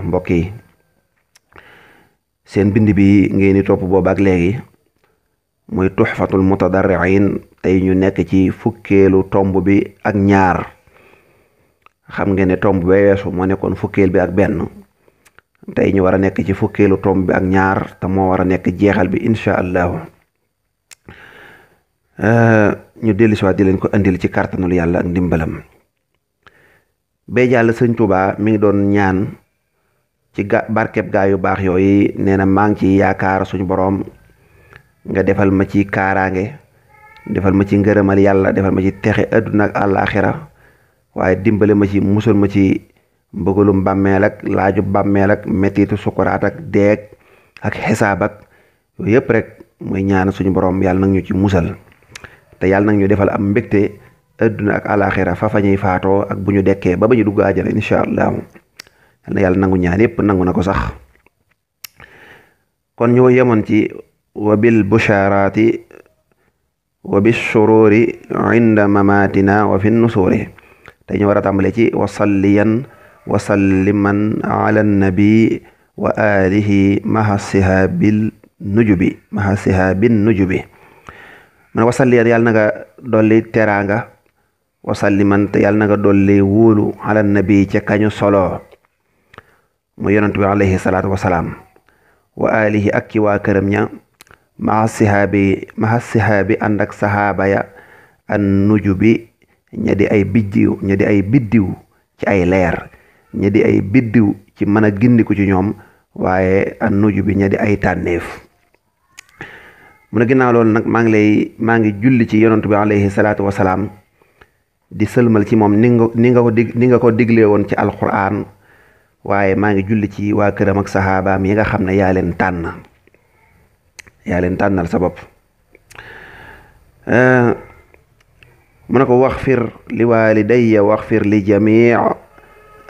mbokki yi seen bind bi ngeen di topp boobaak legi moy tuhfatul mutadarrin tay ñu nekk ci fukkelu tomb bi ak ñaar xam ngeen ne tomb be wessu mo nekkon fukkel bi ak ben tay ñu wara nekk ci fukkelu tomb bi ak ñaar ta mo wara nekk jeexal bi incha allahu eh, ñu delu ci wa di leen ko andil ci kàttanul yalla ak dimbalam be jall seigne touba mi ngi doon ñaan ci barkeb gaa yu baax yooyu nee na maa ngi ci yaakaar suñu borom nga defal ma ci kaaraange defal ma ci ngërëmal yàlla defal ma ci texe àdduna ak àllaaxira waaye dimbale ma ci musal ma ci mbëgalum bàmmeel ak laaju bàmmeel ak mettitu sukuraat ak deeg ak xisaab ak yooyu yëpp rek muy ñaan suñu borom yàlla nag ñu ci musal te yàlla nag ñu defal am mbégte àdduna ak àllaaxira fa fa ñuy faatoo ak bu ñu dekkee ba ba ñu dugg àjjana incha na yàlla nangu ñaan yépp nangu na ko sax kon ñoo yemoon ci wa bil busharati wa bis sururi wa fi nusuri war a tàmbale ci wa salliyan wa salliman ala nabi wa alihi man wa yàlla na nga dolli teraanga wa salliman te yàlla na nga dolli wóolu ala nabi ca kañu solo mu yonent bi alayhi salaatu wasalaam wa alihi ak ci waa këram ña maxa sihaabi maxa sihaabi ànd ak sahaaba ya an nuju bi ña di ay biddiw ña di ay biddiw ci ay leer ña di ci mën a gindiku ci ñoom waaye an nuju bi ña di ay tànneef mu ne ginnaaw loolu nag maa ngi lay maa ngi julli ci yonent bi alayhi salaatu wasalaam di sëlmal ci moom ni nga ni nga ko nga ko digle woon ci alquran waye ma ngi julli ci wa kërëm ak sahaba mi nga xamne ya yaa leen tànn yaa leen tànnal sa bopp mu ne ko waxfir li waalidayya waxfir li jami'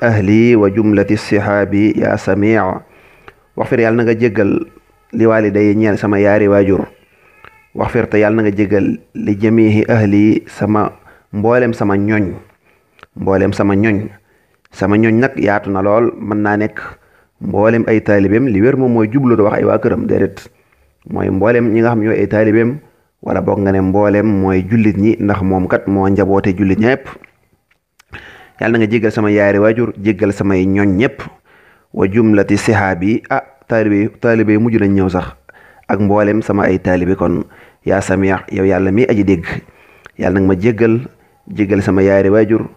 ahli wa jumlati sihaabi yaa samii waxfir yàlla na nga jéggal li walidayya ñeel sama yaari waajur waxfir ta yàlla na nga jéggal li jamiihi ahli sama mboolem sama ñoñ mboolem sama ñoñ sama ñooñ nag yaatu na lool mën naa nekk mboolem ay taalibeem li wér moom mooy jublu da wax ay waa këram deret mooy mboolem ñi nga xam ñooy ay taalibeem wala boog nga ne mboolem mooy jullit ñi ndax moom kat moo njaboote jullit ñëpp yàlla na nga jéggal sama yaari waajur jéggal samay ñooñ ñëpp wa jumlati sihaabi yi ah taalibe taalibe mujj nañ ñëw sax ak mboolem sama ay taalibe kon yaa samiya yow yàlla mi aji dégg yàlla nag ma jéggal jéggal sama yaari waajur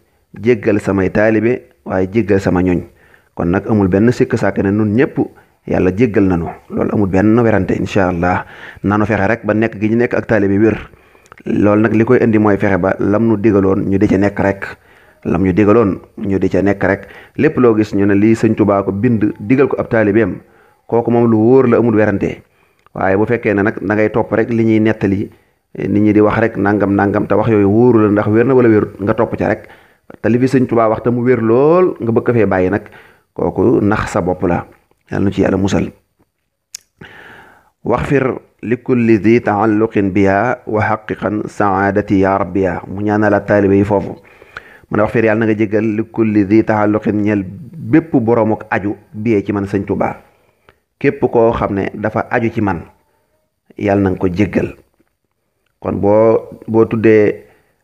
jéggal samay taalibe waaye jéggal sama ñooñ kon nag amul benn sikk sàkk ne nun ñëpp yàlla jéggal nanu loolu amul benn werante incha allah nanu fexe rek ba nekk gi ñu nekk ak taalibe wér loolu nag li koy indi mooy fexe ba lam nu digaloon ñu di ca nekk rek lam ñu digaloon ñu di ca nekk rek lépp loo gis ñu ne lii sëñ Tuubaa ko bind digal ko ab taalibeem kooku moom lu wóor la amul werante waaye bu fekkee ne nag da ngay topp rek li ñuy nettali eh, nit ñi di wax rek nangam nangam te wax yooyu wóoru la ndax wér na wala wérut nga topp ca rek te seigne touba sëñ wax te mu wer lol nga bëkk fe bayyi nak koku nax sa bop la yalla nu ci yalla musal waxfir li kulli dhi taalluqin biya wa xaqiqan saadati ya rabbiya mu ñaanalaat taalibe yi fofu mu wax fer yalla nga jéggal li kulli dhi taalluqin ñel bépp boroom ak aju bi ci man seigne touba képp ko xamné dafa aju ci man yalla nang ko jéggal kon bo bo tuddé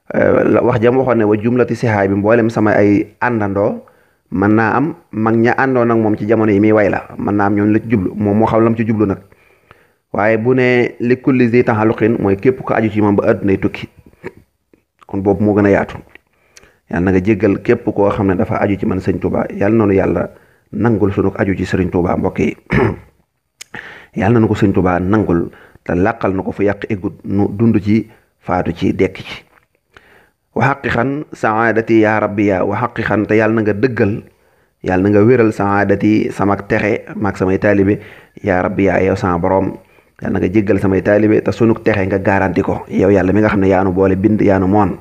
Eh, wax jam waxoon ne wa jumlati sihaay bi mboolem sama ay àndandoo mën naa am mag ña àndoo nag moom ci jamono yi muy way la mën naa am ñoom la ci jublu moom moo xam lam ci jublu nag waaye bu ne li kulli zi taxaluqin mooy képp ko aju ci moom ba àddunay tukki kon boobu moo gën a yaatu yàlla na nga jéggal képp koo xam ne dafa aju ci man sëñ Touba yàlla noonu yàlla nangul sunu aju ci sëriñ Touba mbokk yi yàlla na nu ko sëñ Touba nangul te làqal nu ko fu yàq eggut dund ci faatu ci dekk wa xaqiqan saadati rabbi yaa te yàlla na nga dëggal yàlla na nga wéral saadati samak texe maak samay taalibe yaa rabbi yow sama borom yàlla na nga jéggal samay taalibe te sunuk texe nga garanti ko yow yàlla mi nga xam ne yaanu boole bind yaanu moon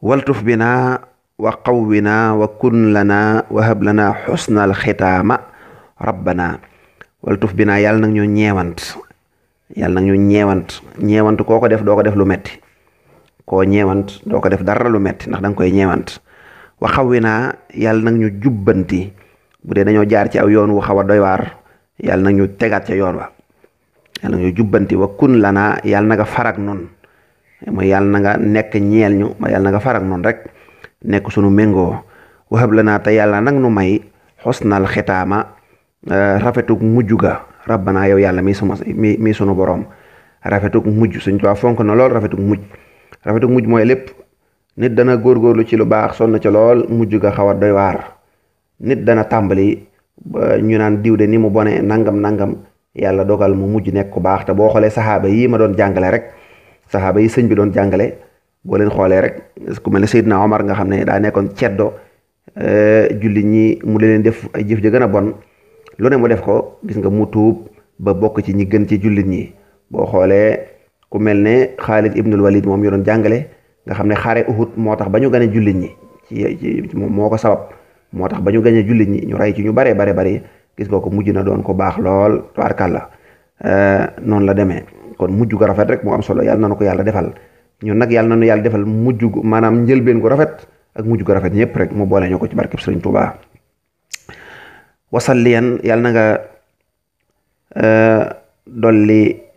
waltuf bi naa wa qawwi naa wa kun lanaa wa hab lanaa xusnal xitaama rabbana waltuf bi naa yàlla nag ñu ñeewant yàlla nag ñu ñeewant ñeewant koo ko def doo ko def lu metti koo ñeewant doo ko def dara lu metti ndax danga nga koy ñeewant waxawi naa yàlla nag ñu jubbanti bu dee dañoo jaar ci aw yoon wu xaw a doy waar yàlla nag ñu tegaat ca yoon wa yàlla nag ñu jubbanti wa kun lanaa yàlla na nga farak mooy yàlla na nga nekk ñeel ñu ma nga farak noonu rek nekk sunu méngoo waxab la naa te yàlla nag nu may xosnal xitaama eh, rafetug mujj ga rabbanaa yow yàlla mi suma mi sunu borom rafetug mujj suñ tuwaa fonk na lool rafetug mujj rafetu mujj mooy lépp nit dana góor góorlu ci lu baax sonn ca lool mujj ga xaw a doy waar nit dana tàmbali ñu naan diw de ni mu bone nangam nangam yàlla dogal mu mujj nekk ku baax te boo xoolee saxaaba yi ma doon jàngale rek saxaaba yi sëñ bi doon jàngale boo leen xoolee rek ku mel ne Seydina Omar nga xam ne daa nekkoon ceddo eh, julli ñi mu leen def ay jëf ja gën a bon lu ne mu def ko gis nga mu tuub ba bokk ci ñi gën ci jullit ñi boo xoolee ku melne ne Khalid ibnul Walid mom yoron jangale nga xamne xare Uhud motax bañu gane jullit ñi ci moko sabab motax bañu gane jullit ñi ñu ray ci ñu bare bare bare gis goko ko na doon ko baax lool tubaarkàlla euh, la deme kon mujju gu rafet rek am solo yalla na ko defal ñun nak yalla nanu yalla defal mujju gu ñeel ben gu rafet ak mujju gu rafet ñëpp rek mu boole ñoko ci barke serigne touba wasalliyan yalla nga euh dolli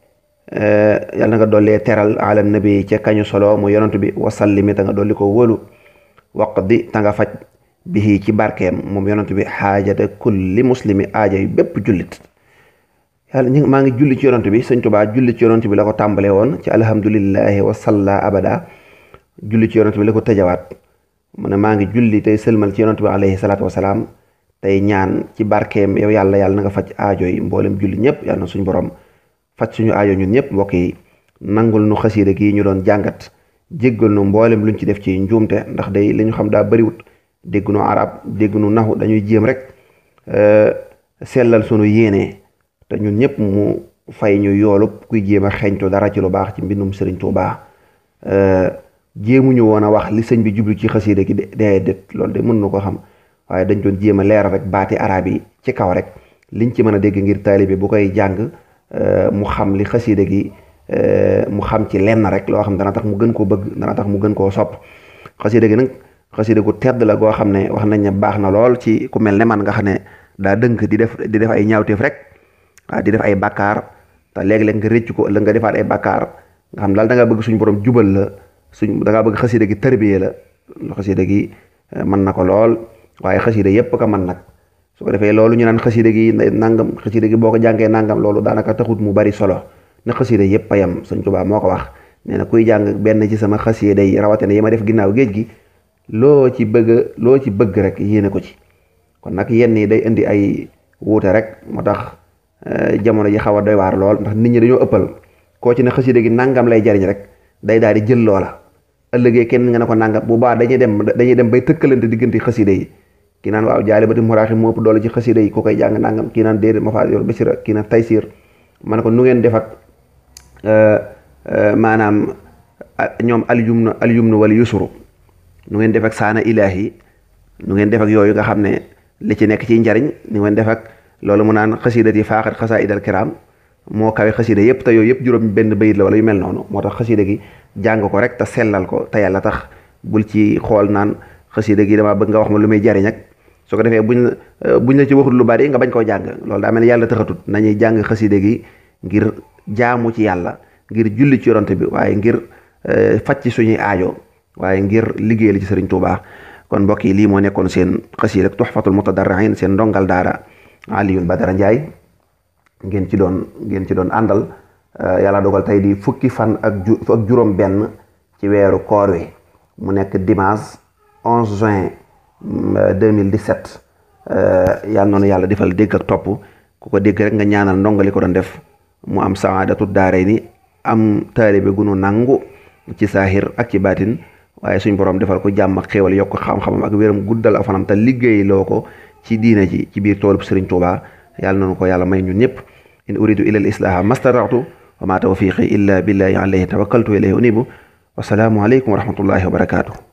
Eh, yal na nga dollee teral ala nabi ca kañu solo mu yonent bi wasallimi ta nga dolli ko wóolu waqdi ta nga faj bi bihi ci barkeem moom yonent bi xaajata kulli muslimi aaja yi bépp jullit yàlla maa ngi julli ci yonent bi sëñ Tuubaa julli ci bi la ko tàmbalee woon ci alhamdulillahi wasalla abada julli ci yonent bi la ko tëjawaat mu ne maa ngi julli tey sëlmal ci yonent bi alayhi salaatu wasalaam tey ñaan ci barkeem yow yàlla yàlla na nga faj aajo yi mboolem julli ñëpp yàlla na suñ borom faj suñu ajo ñun ñëpp mbokk yi nangul nu xasiida gi ñu doon jàngat jéggal nu mboolem luñ ci def ci njuumte ndax day li ñu xam daa bariwut dégg nu arab dégg nu naxu dañuy jéem rek euh, sellal sunu yéene te ñun ñëpp mu fay ñu yoolu kuy jéem a xeeñtu dara ci lu baax ci mbindum Sëriñ Tuubaa euh, ñu woon a wax li sëñ bi jublu ci xasiida gi dee dét loolu de mën nu ko xam waaye dañ doon jéem a leeral rek baati araab yi ci kaw rek liñ ci mën a dégg ngir taalibe bu koy jàng mu xam li xasida gi mu xam ci lenn rek loo xam dana tax mu gën koo bëgg dana tax mu gën koo sopp xasida gi nag xasida gu tedd la goo xam ne wax nañ ne baax na lool ci ku mel ne man nga xam ne daa dënk di def di def ay ñaawteef rek di def ay bakkaar te léeg-léeg nga rëcc ko la nga defaat ay bakkaar nga xam daal da nga bëgg suñu borom jubal la suñ da nga bëgg xasida gi tërbiye la xasida gi man na ko lool waaye xasida yépp ka man nag su ko defee loolu ñu naan xasida gi nangam xasida gi boo ko jàngee nangam loolu daanaka taxut mu bari solo na xasida yëpp a yem sëñ Tuubaa moo ko wax nee na kuy jàng benn ci sama xasida yi rawatina yi ma def ginnaaw géej gi loo ci bëgg loo ci bëgg rek yéene ko ci kon nag yenn yi day indi ay wuute rek moo tax eh, jamono ji xaw a doy waar lool ndax nit ñi dañoo ëppal koo ci ne nangam lay jariñ rek day daal di jël loola ëllëgee kenn nga ne ko nangam bu baax dañuy dem dañuy dem bay tëkkalante diggante xasida yi kii naan waaw jaale ba ti muraaxi moo ëpp doole ci xasida yi ku koy jàng nangam kii naan déedéet ma faa yor basira kii naan taysiir ma ne ko nu ngeen def ak euh, euh, maanaam ñoom aljumnu aljumnu yu yusuru nu ngeen def ak saana ilaahi nu ngeen def ak yooyu nga xam ne li ci nekk ci njariñ nu ngeen def loolu mu naan xasidati faaxat xasaa idal kiraam moo kawe xasida yëpp te yooyu yëpp juróom benn bayit la wala yu mel noonu moo tax xasida gi jàng ko rek te ko te yàlla tax bul ci xool naan xasida gi dama bëgg nga wax ma lu muy jariñ so ko defee buñ eh, buñ la ci waxul lu bari nga bañ ko jang lool da mel yalla taxatut nañuy jang xaside gi ngir jaamu ci yalla ngir julli ci yoronte bi waye ngir eh, fatti suñu aajo waye ngir liggéeyal ci serigne touba kon mbokk li mo nekkon sen seen ak tuxfatul mutadarrihin seen ndongal ali aliyun badar njaay ngeen ci doon ngeen ci doon andal eh, yalla dogal tay di fukki fan ak ak ci wéru koor wi mu nekk dimanche 11 juin 2017 euh, yàlla noonu yàlla defal dégg ak topp ku ko dégg rek nga ñaanal ndongo li ko doon def mu am saadatu daaray ni am taalibe gu nu nangu ci saahir ak ci baatin waaye suñ borom defal ko jàmm ak xéewal yokk xam-xamam ak wéram guddal ak fanam te liggéey loo ko ci diina ci ci biir toolub Sëriñ Tuubaa yàlla noonu ko yàlla may ñun ñëpp in uridu ila al islaaha mastata'tu wa ma tawfiqi illa billahi alayhi tawakkaltu ilayhi unibu wasalaamu aleykum wa rahmatullahi wa